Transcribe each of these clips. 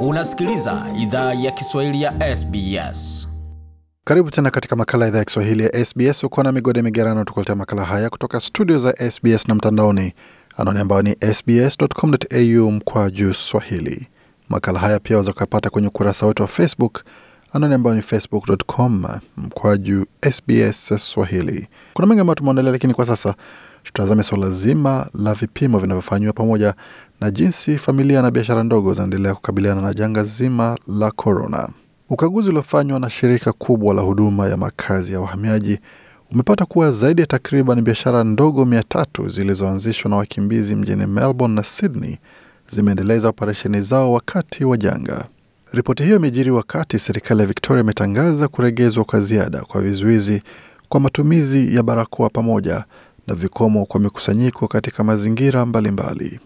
Unasikiliza idhaa ya Kiswahili ya SBS. Karibu tena katika makala ya idhaa ya Kiswahili ya SBS. Uko na Migode Migerano tukuletea makala haya kutoka studio za SBS na mtandaoni, anwani ambayo ni sbs.com.au mkwa juu swahili. Makala haya pia waweza kuyapata kwenye ukurasa wetu wa Facebook, anwani ambayo ni facebook.com mkwa juu SBS Swahili. Kuna mengi ambayo tumeandalia, lakini kwa sasa tutazame suala zima la vipimo vinavyofanywa pamoja na jinsi familia na biashara ndogo zinaendelea kukabiliana na janga zima la korona. Ukaguzi uliofanywa na shirika kubwa la huduma ya makazi ya wahamiaji umepata kuwa zaidi ya takriban biashara ndogo mia tatu zilizoanzishwa na wakimbizi mjini Melbourne na Sydney zimeendeleza operesheni zao wakati wa janga. Ripoti hiyo imejiri wakati serikali ya Victoria imetangaza kuregezwa kwa ziada kwa vizuizi kwa matumizi ya barakoa pamoja na vikomo kwa mikusanyiko katika mazingira mbalimbali.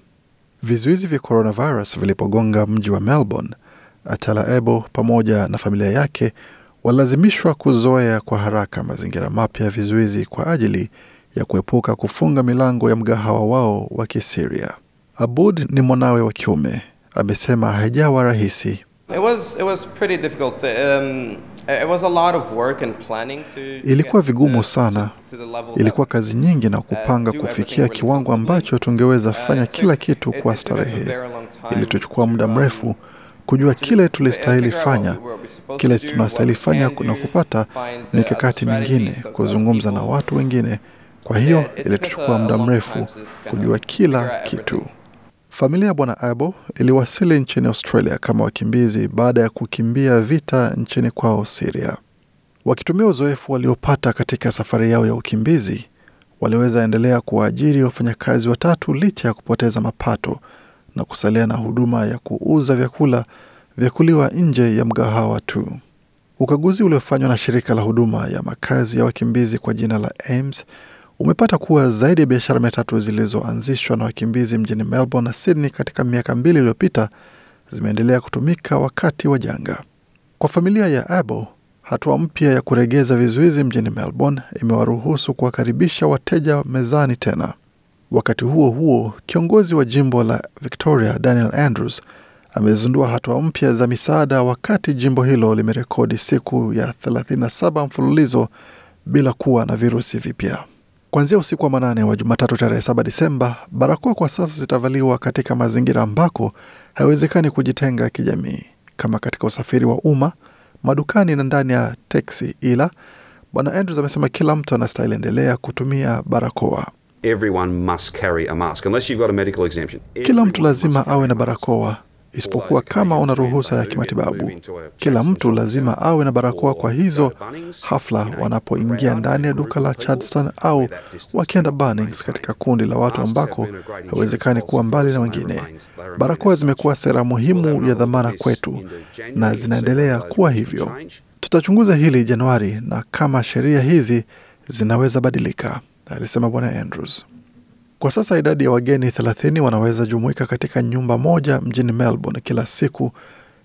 Vizuizi vya coronavirus vilipogonga mji wa Melbourne, Atala Ebo pamoja na familia yake walilazimishwa kuzoea kwa haraka mazingira mapya ya vizuizi kwa ajili ya kuepuka kufunga milango ya mgahawa wao wa Kisiria. Abud ni mwanawe wa kiume, amesema haijawa rahisi. It was, it was Ilikuwa vigumu sana, ilikuwa kazi nyingi na uh, kupanga kufikia kiwango ambacho tungeweza uh, fanya kila kitu kwa starehe. Ilituchukua muda um, mrefu kujua kile tulistahili fanya, kile tunastahili fanya na kupata mikakati mingine, kuzungumza na watu wengine. Kwa hiyo ilituchukua muda mrefu kujua kila kitu. Familia ya Bwana Abo iliwasili nchini Australia kama wakimbizi baada ya kukimbia vita nchini kwao Siria. Wakitumia uzoefu waliopata katika safari yao ya ukimbizi, waliweza endelea kuwaajiri wafanyakazi watatu licha ya kupoteza mapato na kusalia na huduma ya kuuza vyakula vya kuliwa nje ya mgahawa tu. Ukaguzi uliofanywa na shirika la huduma ya makazi ya wakimbizi kwa jina la AMS umepata kuwa zaidi ya biashara mia tatu zilizoanzishwa na wakimbizi mjini Melbourne na Sydney katika miaka mbili iliyopita zimeendelea kutumika wakati wa janga. Kwa familia ya Abo, hatua mpya ya kuregeza vizuizi mjini Melbourne imewaruhusu kuwakaribisha wateja mezani tena. Wakati huo huo, kiongozi wa jimbo la Victoria Daniel Andrews amezindua hatua mpya za misaada wakati jimbo hilo limerekodi siku ya 37 mfululizo bila kuwa na virusi vipya. Kuanzia usiku wa manane wa Jumatatu tarehe 7 Disemba, barakoa kwa sasa zitavaliwa katika mazingira ambako haiwezekani kujitenga kijamii kama katika usafiri wa umma, madukani na ndani ya teksi, ila Bwana Andrews amesema kila mtu anastahili endelea kutumia barakoa. Everyone must carry a mask unless you've got a medical exemption. kila mtu lazima awe na barakoa isipokuwa kama una ruhusa ya kimatibabu. Kila mtu lazima awe na barakoa kwa hizo hafla wanapoingia ndani ya duka la Chadston au wakienda Bunnings, katika kundi la watu ambako hawezekani kuwa mbali na wengine. Barakoa zimekuwa sera muhimu ya dhamana kwetu na zinaendelea kuwa hivyo. Tutachunguza hili Januari na kama sheria hizi zinaweza badilika, alisema Bwana Andrews. Kwa sasa idadi ya wageni 30 wanaweza jumuika katika nyumba moja mjini Melbourne kila siku.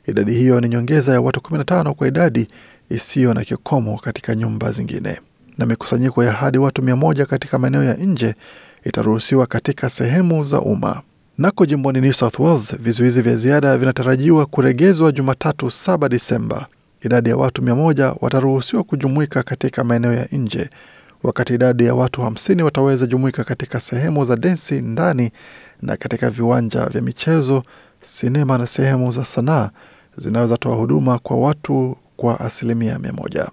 Idadi hiyo ni nyongeza ya watu 15 kwa idadi isiyo na kikomo katika nyumba zingine, na mikusanyiko ya hadi watu 100 katika maeneo ya nje itaruhusiwa katika sehemu za umma. Nako jimboni New South Wales, vizuizi vya ziada vinatarajiwa kuregezwa Jumatatu 7 Disemba. Idadi ya watu 100 wataruhusiwa kujumuika katika maeneo ya nje wakati idadi ya watu hamsini wataweza jumuika katika sehemu za densi ndani na katika viwanja vya michezo, sinema na sehemu za sanaa zinaweza toa huduma kwa watu kwa asilimia mia moja.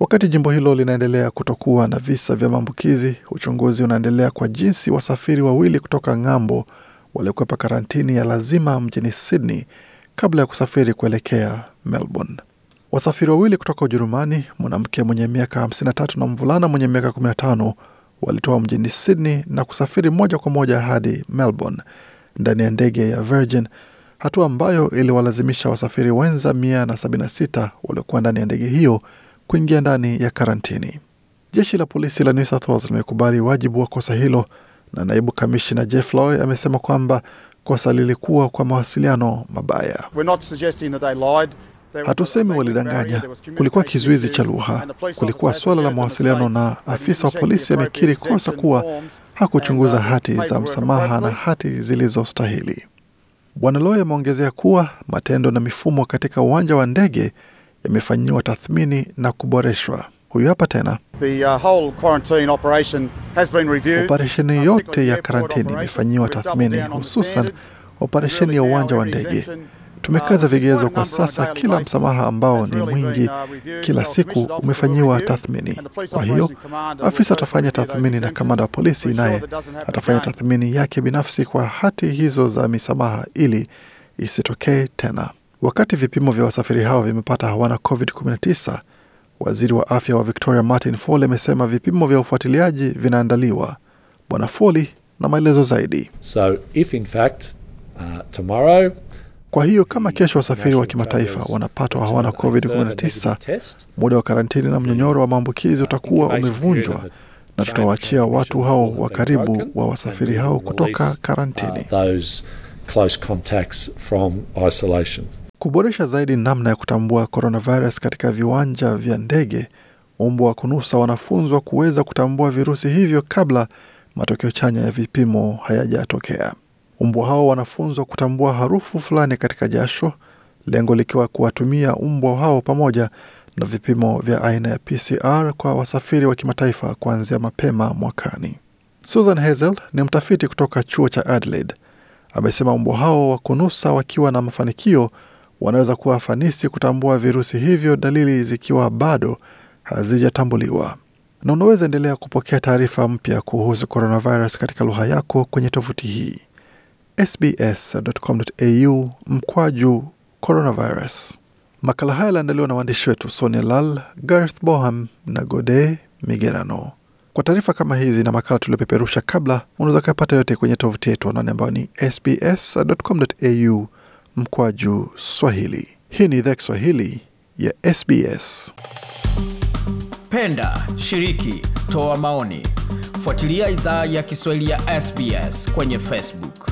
Wakati jimbo hilo linaendelea kutokuwa na visa vya maambukizi, uchunguzi unaendelea kwa jinsi wasafiri wawili kutoka ng'ambo waliokwepa karantini ya lazima mjini Sydney kabla ya kusafiri kuelekea Melbourne. Wasafiri wawili kutoka Ujerumani, mwanamke mwenye miaka 53 na mvulana mwenye miaka 15 walitoa mjini Sydney na kusafiri moja kwa moja hadi Melbourne ndani ya ndege ya Virgin, hatua ambayo iliwalazimisha wasafiri wenza 176 waliokuwa ndani ya ndege hiyo kuingia ndani ya karantini. Jeshi la polisi la New South Wales limekubali wajibu wa kosa hilo, na naibu kamishna Jeff Loy amesema kwamba kosa lilikuwa kwa mawasiliano mabaya. We're not suggesting that they lied. Hatusemi walidanganya. Kulikuwa kizuizi cha lugha, kulikuwa suala la mawasiliano, na afisa wa polisi amekiri kosa kuwa hakuchunguza uh, hati za msamaha na hati zilizostahili. Bwana Loy ameongezea kuwa matendo na mifumo katika uwanja wa ndege yamefanyiwa tathmini na kuboreshwa. Huyu hapa tena. Uh, operesheni yote ya karantini imefanyiwa tathmini, hususan operesheni ya uwanja wa ndege Tumekaza uh, vigezo kwa sasa. Kila msamaha ambao ni mwingi uh, kila siku umefanyiwa tathmini. Kwa hiyo afisa atafanya tathmini na kamanda wa polisi naye atafanya tathmini yake binafsi kwa hati hizo za misamaha ili isitokee tena. Wakati vipimo vya wasafiri hao vimepata hawana COVID-19, waziri wa afya wa Victoria Martin Foley amesema vipimo vya ufuatiliaji vinaandaliwa. Bwana Foley na maelezo zaidi. So if in fact, uh, tomorrow kwa hiyo kama mm. kesho wasafiri wa kimataifa wanapatwa hawana COVID-19, muda wa karantini na mnyonyoro wa maambukizi utakuwa umevunjwa na tutawaachia watu hao wa karibu wa wasafiri hao kutoka uh, karantini. Kuboresha zaidi namna ya kutambua coronavirus katika viwanja vya ndege, umbo wa kunusa wanafunzwa kuweza kutambua virusi hivyo kabla matokeo chanya ya vipimo hayajatokea. Umbwa hao wanafunzwa kutambua harufu fulani katika jasho, lengo likiwa kuwatumia umbwa hao pamoja na vipimo vya aina ya PCR kwa wasafiri wa kimataifa kuanzia mapema mwakani. Susan Hazel ni mtafiti kutoka chuo cha Adelaide. Amesema umbwa hao wa kunusa wakiwa na mafanikio wanaweza kuwa fanisi kutambua virusi hivyo, dalili zikiwa bado hazijatambuliwa. Na unaweza endelea kupokea taarifa mpya kuhusu coronavirus katika lugha yako kwenye tovuti hii sbs.com.au mkwaju coronavirus. Makala haya yaliandaliwa na waandishi wetu Sonia Lal, Gareth Boham na Gode Migerano. Kwa taarifa kama hizi na makala tuliopeperusha kabla, unaweza kuyapata yote kwenye tovuti yetu anwani ambayo ni sbs.com.au mkwaju swahili. Hii ni idhaa Kiswahili ya SBS. Penda, shiriki, toa maoni, fuatilia idhaa ya Kiswahili ya SBS kwenye Facebook.